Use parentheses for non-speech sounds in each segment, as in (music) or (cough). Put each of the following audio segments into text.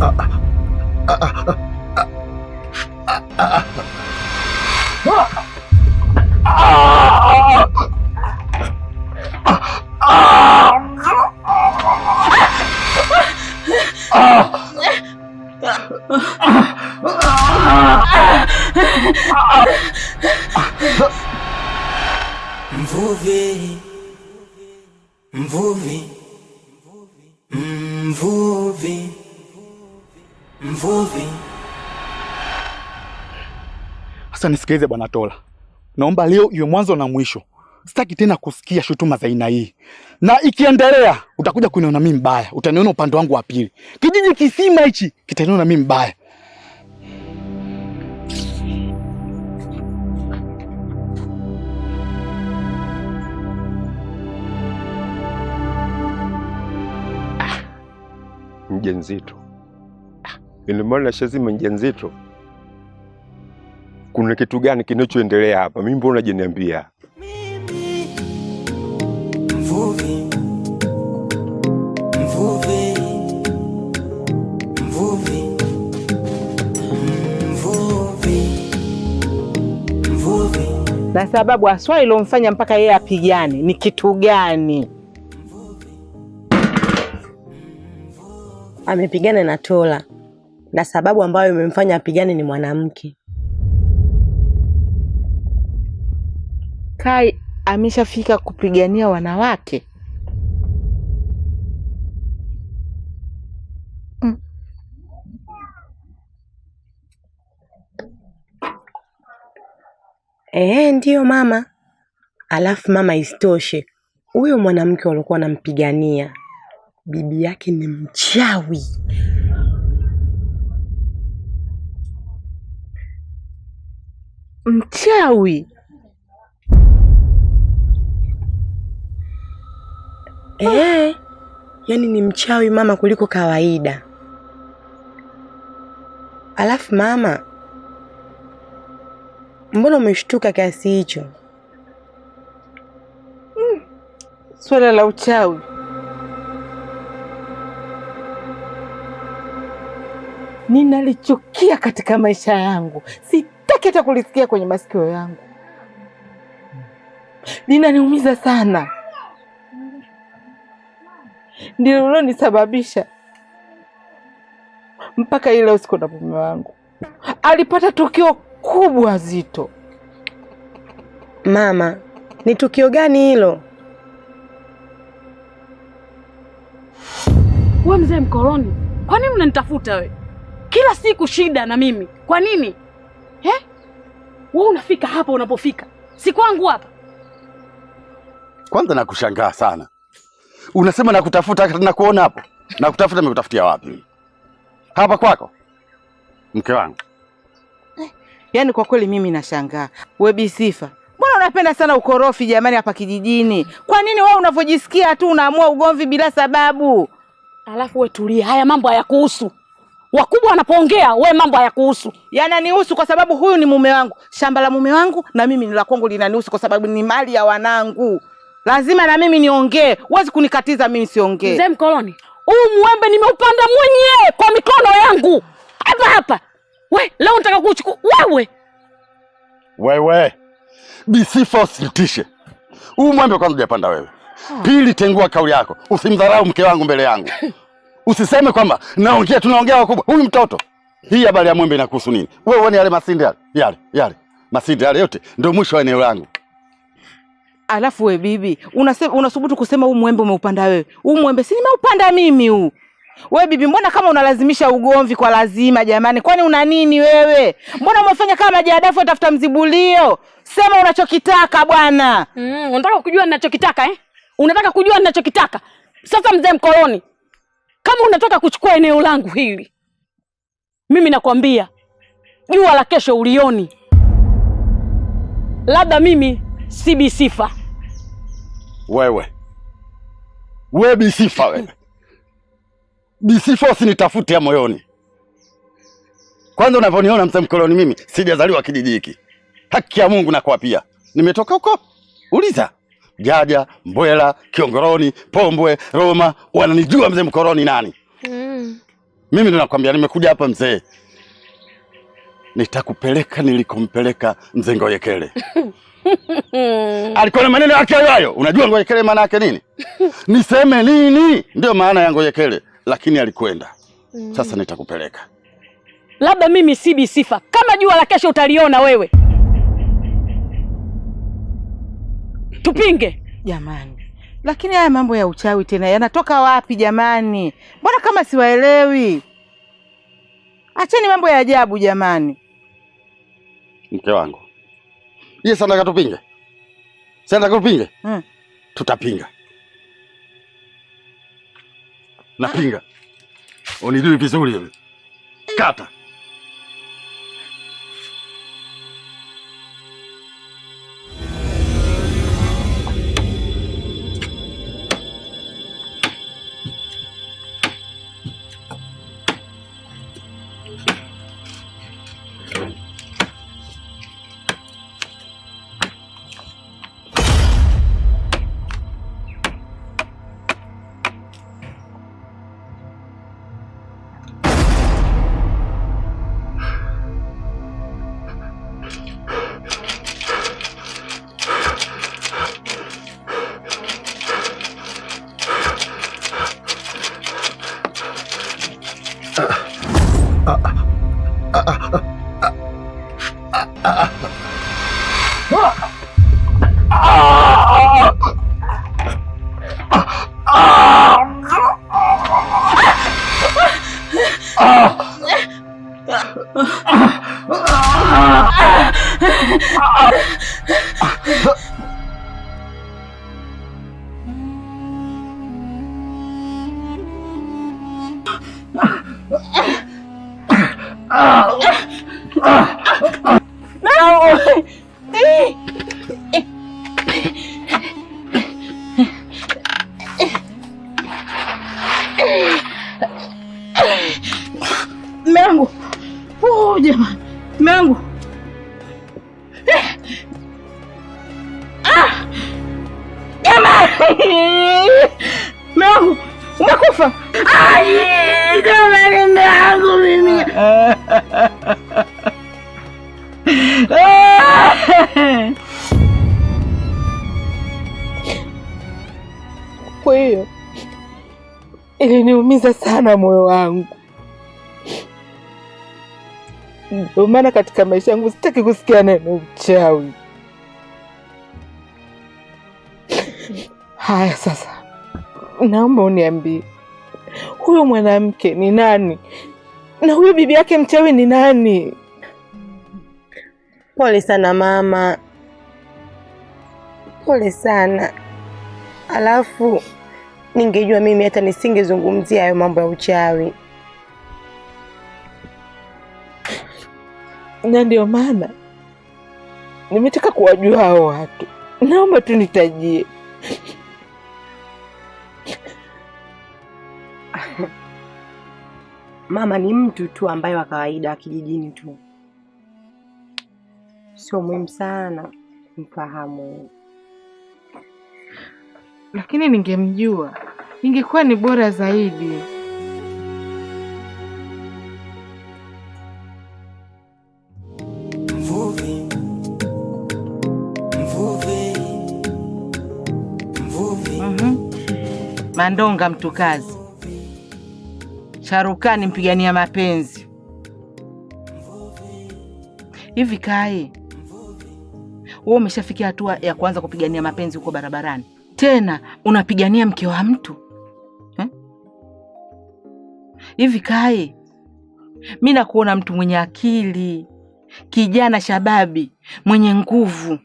ああああああああ Sasa nisikilize bwana Tola, naomba leo iwe mwanzo na mwisho. Sitaki tena kusikia shutuma za aina hii, na ikiendelea utakuja kuniona mimi mbaya, utaniona upande wangu wa pili. Kijiji kisima hichi kitaniona mimi mbaya. Mjenzito, ah, ina maana shazima mjamzito kuna kitu gani kinachoendelea hapa? Mimi mbona najeniambia na sababu aswa ilomfanya mpaka yeye apigane ni kitu gani? Amepigana na Tola na sababu ambayo imemfanya apigane ni mwanamke. Kai ameshafika kupigania wanawake? Mm. Eh, ndiyo mama. Alafu mama, isitoshe huyo mwanamke waliokuwa anampigania bibi yake ni mchawi. Mchawi? Eh, yaani ni mchawi mama kuliko kawaida. Alafu mama, mbona umeshtuka kiasi hicho? Mm, swala la uchawi ninalichukia katika maisha yangu, sitaki hata kulisikia kwenye masikio yangu, linaniumiza sana ndio ulonisababisha mpaka ile usiku na mume wangu alipata tukio kubwa zito. Mama, ni tukio gani hilo? We mzee mkoroni, kwa nini unanitafuta we? Kila siku shida na mimi, kwa nini eh? We unafika hapa unapofika, si kwangu hapa. Kwanza nakushangaa sana Unasema nakutafuta na kuona hapo. Nakutafuta nimekutafutia wapi? Hapa kwako. Mke wangu. Eh, Yaani kwa kweli mimi nashangaa. wewe Bi Sifa, mbona unapenda sana ukorofi jamani hapa kijijini? Kwa nini wewe unavyojisikia tu unaamua ugomvi bila sababu? Alafu wewe tulia, haya mambo hayakuhusu. Wakubwa wanapoongea, we mambo hayakuhusu. Yananihusu kwa sababu huyu ni mume wangu. Shamba la mume wangu na mimi ni la kwangu, linanihusu kwa sababu ni mali ya wanangu lazima na mimi niongee, huwezi kunikatiza mimi siongee. Mzee mkoloni, huu mwembe nimeupanda mwenyewe kwa mikono yangu hapa hapa. We leo nataka kuchukua wewe. Wewe Bisifa, usitishe huu mwembe kwanza, ujapanda wewe. Ah. Pili, tengua kauli yako, usimdharau mke wangu mbele yangu. (laughs) Usiseme kwamba naongea, tunaongea wakubwa. Huyu mtoto, hii habari ya mwembe inakuhusu nini? Wewe uone yale masinde yale yale yale masinde yale yote, ndio mwisho wa eneo langu. Alafu we bibi, unasema unasubutu kusema huu mwembe umeupanda wewe? Huu mwembe si nimeupanda mimi huu. We bibi, mbona kama unalazimisha ugomvi kwa lazima jamani? Kwani una nini wewe? Mbona umefanya kama majadafu atafuta mzibulio? Sema unachokitaka bwana. Mm, unataka kujua ninachokitaka eh? Unataka kujua ninachokitaka? Sasa mzee mkoloni, kama unataka kuchukua eneo langu hili, mimi nakwambia jua la kesho ulioni. Labda mimi sibi sifa wewe we Bisifa, wewe Bisifa, usinitafute ya moyoni. Kwanza unavyoniona mkoloni mimi sijazaliwa kijiji hiki, haki ya Mungu nakuapia, nimetoka huko. Uliza Jaja, Mbwela, Kiongoroni, Pombwe, Roma, wananijua mzee mkoroni nani? mm. Mimi ninakwambia nimekuja hapa mzee, nitakupeleka nilikompeleka mzee Ngoyekele (laughs) (laughs) alikuwa na maneno yake hayo Unajua Ngoyekele maana yake nini? (laughs) Niseme nini? Ndio maana ya Ngoyekele, lakini alikwenda. Mm. Sasa nitakupeleka labda mimi sibi sifa kama jua la kesho, utaliona wewe. Tupinge jamani, lakini haya mambo ya uchawi tena yanatoka wapi jamani? Mbona kama siwaelewi? Acheni mambo ya ajabu jamani, mke wangu iye sana katupinge. Sana katupinge. Mm. Tutapinga. Napinga. Onidui vizuri hivi. Kata. yangu jamani, mume wangu eh! ah! mume wangu umekufa jamani, mume wangu mimi kwa hiyo iliniumiza sana moyo wangu. Ndio maana katika maisha yangu sitaki kusikia neno uchawi. Haya, sasa naomba uniambie huyo mwanamke ni nani na huyo bibi yake mchawi ni nani? Pole sana mama, pole sana. Alafu ningejua mimi hata nisingezungumzia hayo mambo ya uchawi. na ndio maana nimetaka kuwajua hao watu. Naomba tu nitajie. (laughs) Mama ni mtu tu ambaye wa kawaida wa kijijini tu, sio muhimu sana mfahamu, lakini ningemjua ingekuwa ni bora zaidi. Mandonga mtu kazi Sharukani mpigania mapenzi. Hivi Kai, wewe umeshafikia hatua ya kuanza kupigania mapenzi huko barabarani, tena unapigania mke wa mtu eh? hivi Kai, mi nakuona mtu mwenye akili, kijana shababi, mwenye nguvu.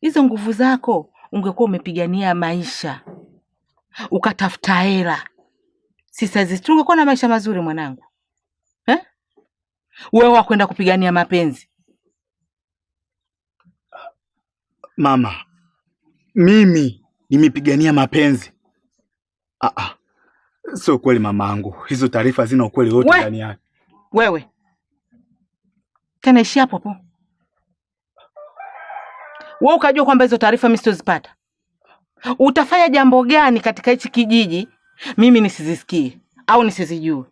Hizo nguvu zako ungekuwa umepigania maisha ukatafuta hela. Sasa zisitungekuwa na maisha mazuri mwanangu eh? Wewe wakwenda kupigania mapenzi mama, mimi nimepigania mapenzi? Ah, ah. sio kweli mamangu, hizo taarifa zina ukweli wote ndani yake. Wewe tena ishi hapo po wewe ukajua kwamba hizo taarifa mimi sitozipata Utafanya jambo gani katika hichi kijiji mimi nisizisikie au nisizijue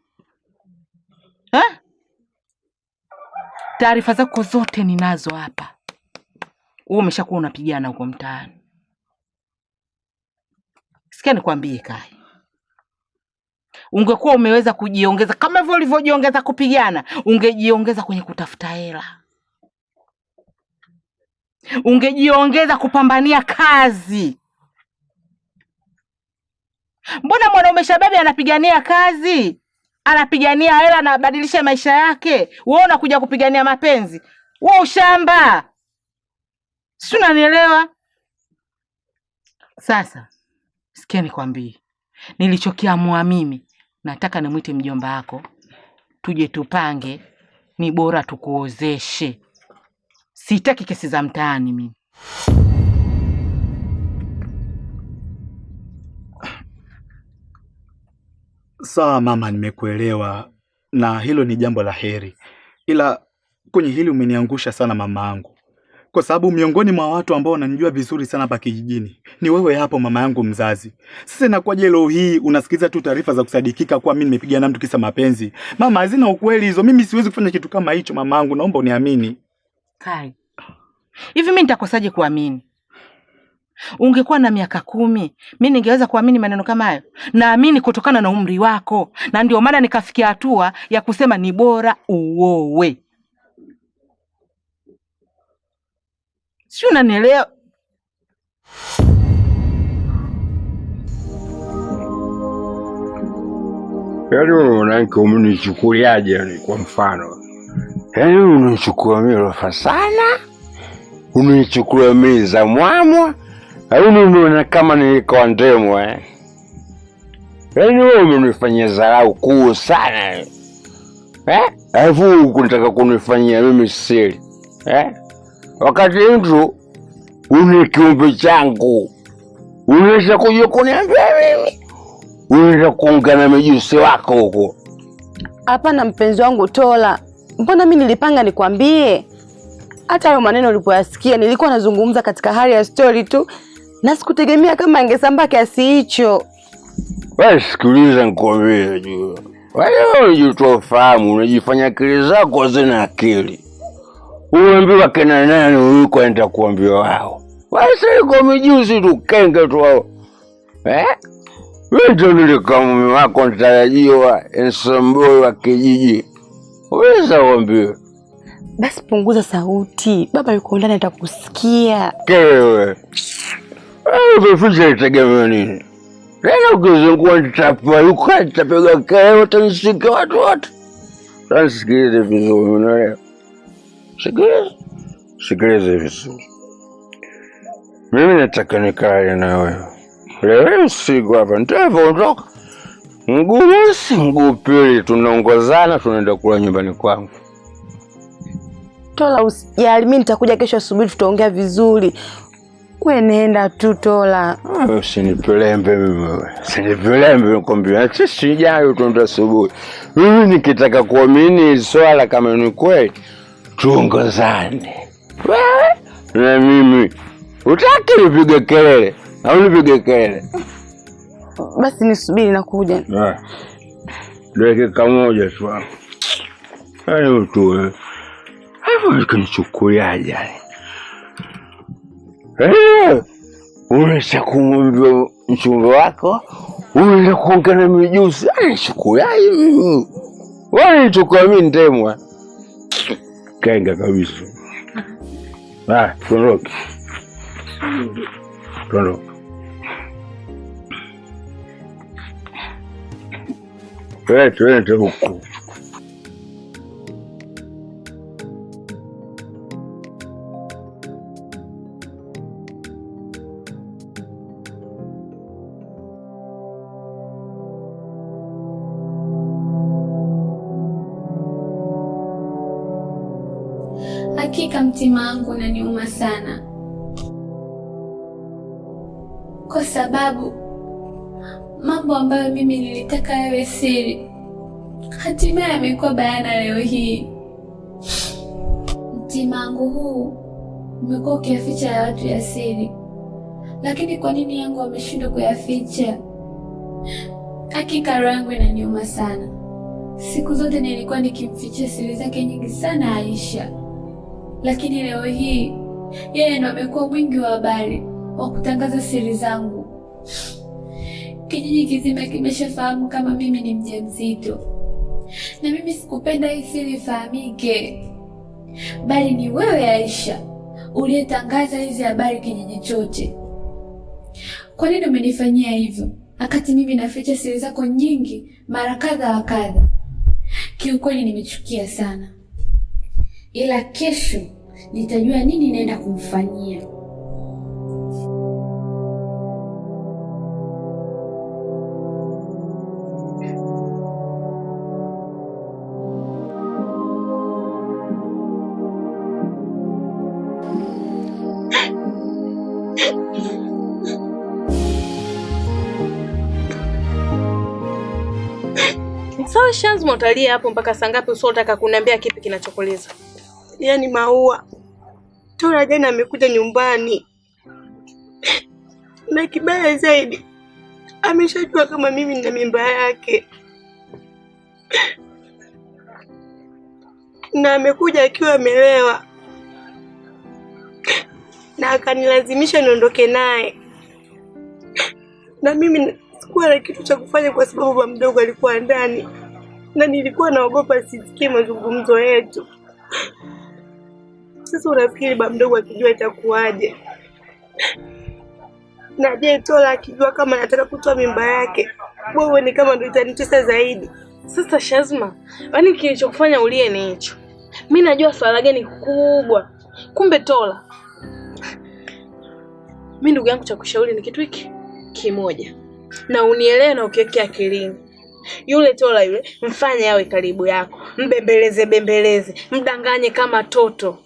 eh? Taarifa zako zote ninazo hapa. Wewe umeshakuwa unapigana huko mtaani. Sikia nikwambie, Kai, ungekuwa umeweza kujiongeza kama hivyo ulivyojiongeza kupigana, ungejiongeza kwenye kutafuta hela, ungejiongeza kupambania kazi Mbona mwanaume shababi anapigania kazi, anapigania hela, anabadilisha maisha yake, wewe unakuja kupigania mapenzi? Wewe ushamba, si unanielewa? Sasa sikia nikwambie, nilichokiamua mimi, nataka nimwite mjomba wako tuje tupange, ni bora tukuozeshe. Sitaki kesi za mtaani mimi. Sawa mama, nimekuelewa na hilo ni jambo la heri, ila kwenye hili umeniangusha sana mama yangu kwa sababu miongoni mwa watu ambao wananijua vizuri sana hapa kijijini ni wewe hapo, mama yangu mzazi. Sasa inakuwaje leo hii unasikiliza tu taarifa za kusadikika kuwa mimi nimepiga na mtu kisa mapenzi? Mama, hazina ukweli hizo, mimi siwezi kufanya kitu kama hicho mamaangu, naomba uniamini. Kai, hivi mimi nitakosaje kuamini? Ungekuwa na miaka kumi, mi ningeweza kuamini maneno kama hayo? Naamini kutokana na umri wako, na ndio maana nikafikia hatua ya kusema ni bora uowe. Si unanielewa? Yaani mwanamke umenichukuliaje? Yaani kwa mfano, yaani unanichukua mimi rofa sana, unanichukua mimi za mwamwa lakini umeona kama nilikuwa ndemo eh? Yaani wewe umenifanyia dharau kuu sana eh? eh Alafu unataka kunifanyia mimi siri eh? Wakati mtu une kiumbe changu unaweza kuja kuniambia mimi, unaweza kuungana mijusi wako huko. Hapana mpenzi wangu Tola, mbona mi nilipanga nikwambie. Hata hayo maneno ulipoyasikia, nilikuwa nazungumza katika hali ya stori tu na sikutegemea kama angesambaa kiasi hicho. Sikiliza nikwambie, jua wewe unajitoa unajifanya akili zako zina akili. Uambiwa kena nani uliko, enda kuambia wao wasiko mijusi tukenge tu wao eh? Wetonilika mume wako ntarajiwa nsamboi wa kijiji, uweza uambiwe basi. Punguza sauti, baba yuko ndani atakusikia. Kewe Vifuza eh, itategemea nini tena? Ukizungua nitapaluka, nitapiga kelele, utanisika watu watu. Sasa sikilize vizuri, unaelewa? Sikiliza, sikilize vizuri. Mimi nataka nikae na wewe leo usiku hapa, nitavyoondoka mguu mosi mguu pili, tunaongozana tunaenda kula nyumbani kwangu. Tola, usijali, mimi nitakuja kesho asubuhi, tutaongea vizuri. We nenda tu tola. Usinipelembe oh, mimi. Usinipelembe nikwambia. Sisi sijayo tunaenda asubuhi. Mimi nikitaka kuamini swala kama ni kweli tuongozane. Wewe na mimi. Utaki nipige kelele au nipige kelele? Basi nisubiri na kuja. Dakika moja tu. Hayo Hapo kanichukuliaje? Eh, unaweza kumwambia mchumba wako, uweza kuongea na mijusi shukuyai mimi wanituka mi ndemwa kenga kabisa. Ah, tuondoke, tuondoke. Eh, tuende huku Hakika mtima wangu unaniuma sana, kwa sababu mambo ambayo mimi nilitaka yawe siri hatimaye yamekuwa bayana leo hii. Mtima wangu huu umekuwa ukiyaficha ya watu ya siri, lakini kwa nini yangu wameshindwa kuyaficha? Hakika roho yangu inaniuma sana. Siku zote nilikuwa nikimfichia siri zake nyingi sana Aisha lakini leo hii yeye ndo amekuwa mwingi wa habari wa kutangaza siri zangu. Kijiji kizima kimeshafahamu kama mimi ni mjamzito, na mimi sikupenda hii siri ifahamike, bali ni wewe Aisha uliyetangaza hizi habari kijiji chote. Kwa nini umenifanyia hivyo wakati mimi naficha siri zako nyingi mara kadha wa kadha? Kiukweli nimechukia sana ila kesho nitajua nini naenda kumfanyia. Sawa, Shazma, utalia hapo mpaka saa ngapi? Usio utaka kuniambia kipi kinachokuliza yani Maua Tora jana amekuja nyumbani (laughs) na kibaya zaidi ameshajua kama mimi nina mimba yake, na amekuja akiwa amelewa, na akanilazimisha niondoke naye, na mimi sikuwa na kitu cha kufanya kwa sababu baba mdogo alikuwa ndani, na nilikuwa naogopa sisikie mazungumzo yetu. Sasa unafikiri ba mdogo akijua itakuwaje? Na je, Tola akijua kama nataka kutoa mimba yake, wewe ni kama ndio itanitesa zaidi. Sasa Shazma, yaani kilichokufanya ulie ni hicho? Mi najua swala gani kubwa, kumbe Tola. Mi ndugu yangu, cha kushauri ni kitu hiki kimoja, na unielewe na ukiweke akilini. Yule Tola yule, mfanye awe karibu yako, mbembeleze bembeleze, mdanganye kama toto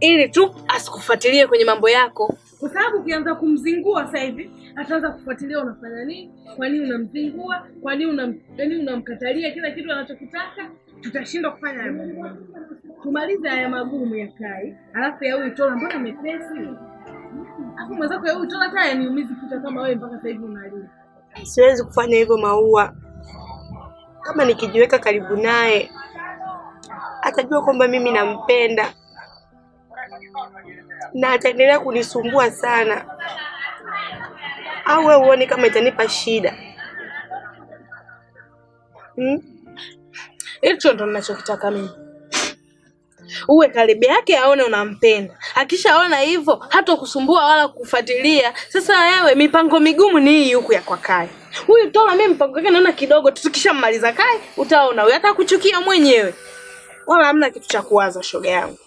ili tu asikufuatilie kwenye mambo yako, kwa sababu ukianza kumzingua sasa hivi ataanza kufuatilia unafanya nini, kwa nini unamzingua, kwa nini unam, yani unamkatalia kila kitu anachokitaka. Tutashindwa kufanya haya mambo, tumalize haya magumu ya Kai, alafu ya huyu Tola, mbona mepesi? Alafu mwenzako ya huyu Tola tayari niumizi kichwa kama wewe, mpaka sasa hivi unalia. Siwezi kufanya hivyo Maua, kama nikijiweka karibu naye atajua kwamba mimi nampenda na ataendelea kunisumbua sana, au wewe uone kama itanipa shida hicho hmm? Ndo ninachokitaka mimi, uwe karibu yake aone unampenda. Akishaona hivyo hata kusumbua wala kufuatilia. Sasa wewe mipango migumu ni hii huku ya kwa Kai huyu Tola, mimi mpango wake naona kidogo tu, tukishammaliza Kai utaona wewe, hata kuchukia mwenyewe, wala hamna kitu cha kuwaza, shoga yangu.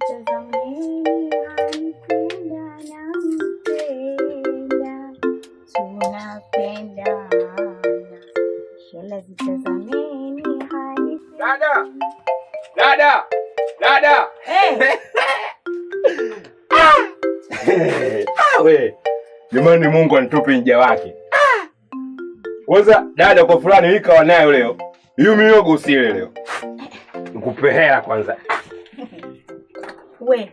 Dada, dada, dada. Ah! (laughs) Jamani, Mungu anitupe nja wake kwanza. Dada, kwa fulani ikawa nayo leo, hiyo miogo usile leo, nikupe hela kwanza we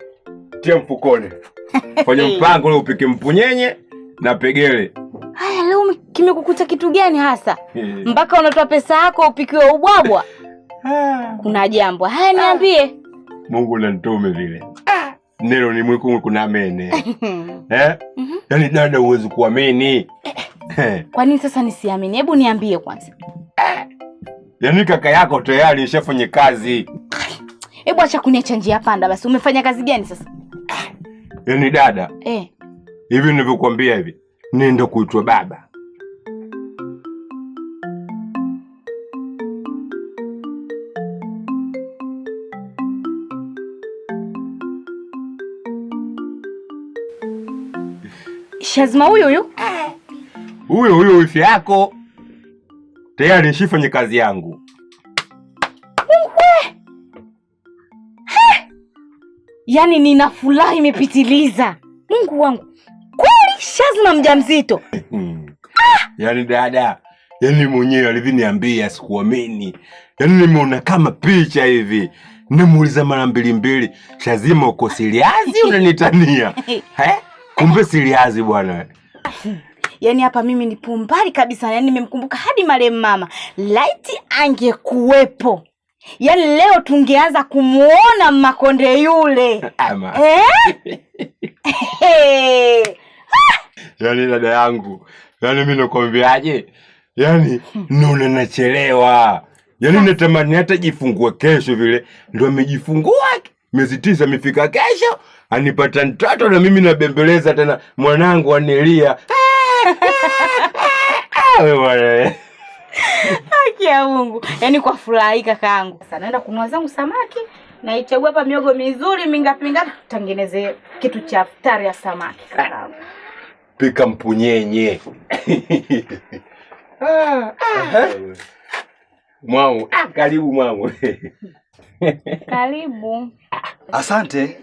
tia mfukoni, fanya mpango leo, upike mpunyenye na pegele. Haya, leo kimekukuta kitu gani hasa mpaka unatoa pesa yako upikiwe ubwabwa? Ah. Kuna jambo? Haya, niambie. Ah. Mungu nanitume vile ah. nelo ni mwiku kuna mene (laughs) eh? Mhm. Yaani dada, huwezi kuamini. Eh, eh. Kwa nini sasa nisiamini? Hebu niambie kwanza. Eh. Yaani kaka yako tayari ishafanya kazi Hebu acha kuniacha njia panda basi. Umefanya kazi gani sasa? Yaani dada eh, hivi nilivyokuambia hivi, nenda kuitwa baba Shazma huyo huyo eh. huyo huyo, wifi yako tayari nishifanye kazi yangu. yani nina furaha imepitiliza. Mungu wangu, kweli shazma mjamzito? Ah! Mm. Yani dada, yani mwenyewe alivyoniambia sikuamini, yani nimeona kama picha hivi. Namuuliza mara mbili mbili, Shazima, uko siliazi unanitania (laughs) eh? Kumbe siliazi bwana. Yaani hapa mimi nipo mbali kabisa, yani nimemkumbuka hadi marehemu mama. Laiti angekuwepo Yaani leo tungeanza kumwona makonde yule ama. Eh? (laughs) eh? Yaani dada yangu, yaani mi nakwambiaje? Yaani naona nachelewa, yaani natamani hata jifungue kesho vile. Ndo amejifungua miezi tisa, amefika kesho anipata mtoto, na mimi nabembeleza tena, mwanangu anilia. (laughs) Eh, eh, Haki ya Mungu. Yaani kwa furaha kakaangu. Sasa naenda kununua zangu samaki naichagua hapa miogo mizuri mingapi mingapi tutengeneze kitu cha futari ya samaki kakaangu. Pika mpunyenye. (laughs) Ah, ah. mwau ah, karibu mwau Karibu. Asante.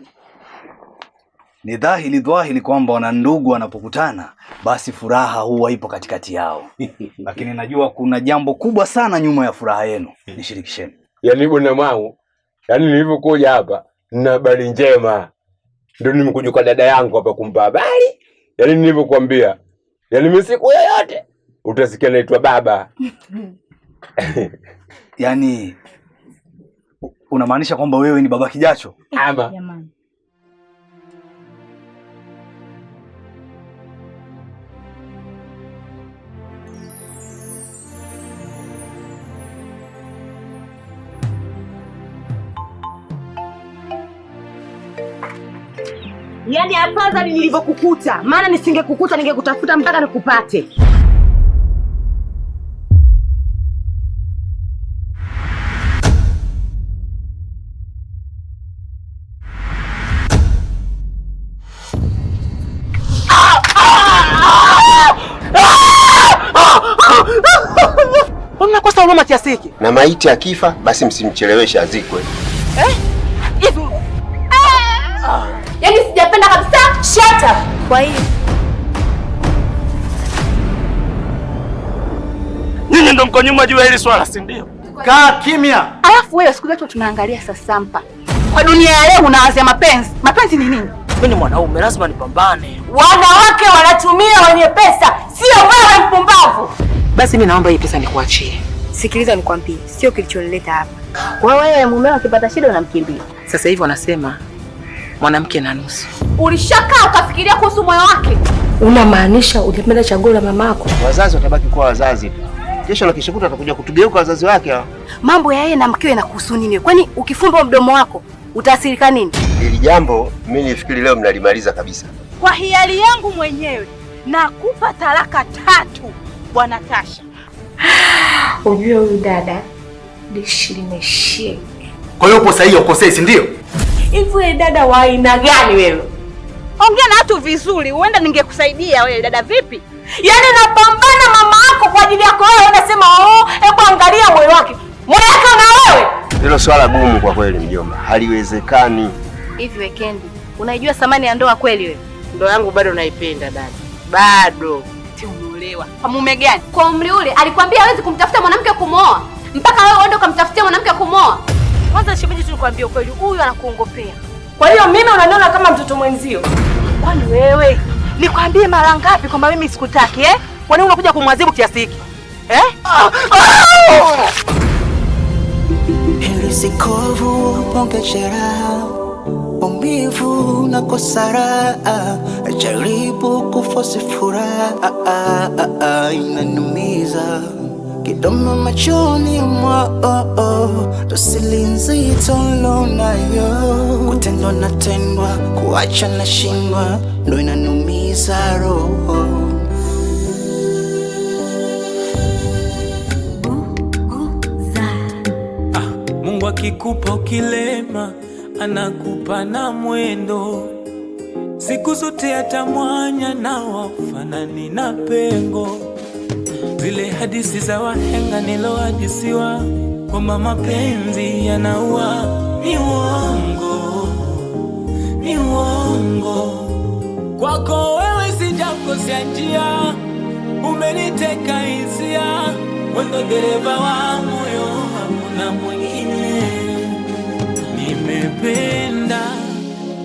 Ni dhahiri dhahiri kwamba wana ndugu wanapokutana basi furaha huwa ipo katikati yao. (laughs) Lakini najua kuna jambo kubwa sana nyuma ya furaha yenu, hmm. nishirikisheni. Yaani bwana mwangu, yaani nilivyokuja hapa na habari njema, ndio nimekuja kwa dada yangu hapa kumpa habari. Yaani nilivyokuambia, yaani misiku yoyote utasikia naitwa baba. (laughs) Yaani unamaanisha kwamba wewe ni baba Kijacho? Ama. yaani afadhali nilivyokukuta, maana nisingekukuta ningekutafuta mpaka nikupate. Mnakosa huruma kiasi hiki. Na maiti akifa basi msimcheleweshe azikwe. Eh? Ah. ah. Yaani Shut up. Kwa hiyo nyinyi ndo mko nyuma juu ya hili swala, si ndio? Kaa kimya. Alafu wewe siku zote tunaangalia sasampa. Kwa dunia ya leo unawazia mapenzi. Mapenzi ni nini? Mimi ni mwanaume, lazima nipambane. Wanawake wanatumia wenye pesa, sio wewe mpumbavu. Basi mimi naomba hii pesa nikuachie. Sikiliza nikwambie, sio kilichonileta hapa. Kwa wewe mumeo akipata shida unamkimbia. Sasa hivi wanasema mwanamke na nusu. Ulishakaa ukafikiria kuhusu moyo wake? Unamaanisha ulipenda chaguo la mamako? Wazazi watabaki kuwa wazazi tu, kesho la atakuja kutugeuka wazazi wake. Mambo ya yeye na mkewe yanakuhusu nini? Kwani ukifumba mdomo wako utaathirika nini? Hili jambo mimi nifikiri leo mnalimaliza kabisa. Kwa hiari yangu mwenyewe nakupa talaka tatu, bwana Tasha. (sighs) Ujue huyu dada dishi limeishia. Kwa hiyo upo sahihi, ukosei, si ndio? Hivi wewe dada wa aina gani wewe? Ongea na watu vizuri, huenda ningekusaidia wewe dada. Vipi? Yaani napambana mama yako kwa ajili yako wewe, unasema oh, hebu angalia moyo wake. Moyo wake na wewe. Hilo swala gumu kwa kweli mjomba, haliwezekani. Hivi weekend, unaijua thamani ya ndoa kweli wewe? Ndoa yangu bado naipenda dada. Bado. Umeolewa. Kwa mume gani? Kwa umri ule alikwambia hawezi kumtafuta mwanamke kumooa mpaka wewe uende ukamtafutia mwanamke kumooa. Kwanza shemeji, tulikwambia ukweli, huyu anakuongopea. Kwa hiyo mimi unaniona kama mtoto mwenzio? Kwani wewe nikwambie mara ngapi kwamba mimi sikutaki eh? Kwa nini unakuja kumwadhibu kiasi hiki eh? Helisi sikovu ponge jeraha, umivu na kosara, jaribu kufosi furaha, ah, ah, ah, inanumiza Kidoma machoni mwao, oh, oh. dosili nzito lonayo, kutendwa natendwa, kuacha na shindwa, ndo inanumiza roho. Ah, Mungu akikupa ukilema, anakupa na mwendo siku zote atamwanya na wafanani na pengo zile hadisi za wahenga nilohadisiwa kwamba mapenzi yanaua, ni uongo, ni uongo. Kwako wewe sijakosea njia, umeniteka hisia, wendo dereva wa moyo, hakuna mwingine. Nimependa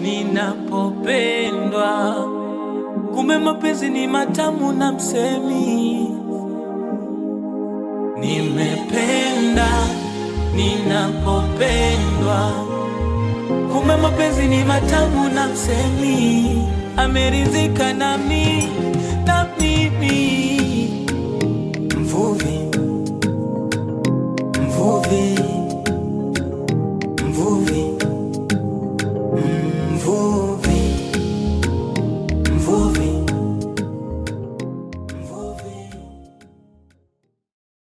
ninapopendwa, kumbe mapenzi ni matamu na msemi Nimependa ninapopendwa, kumbe mapenzi ni matamu na msemi ameridhika nami na mimi mvuvi mvuvi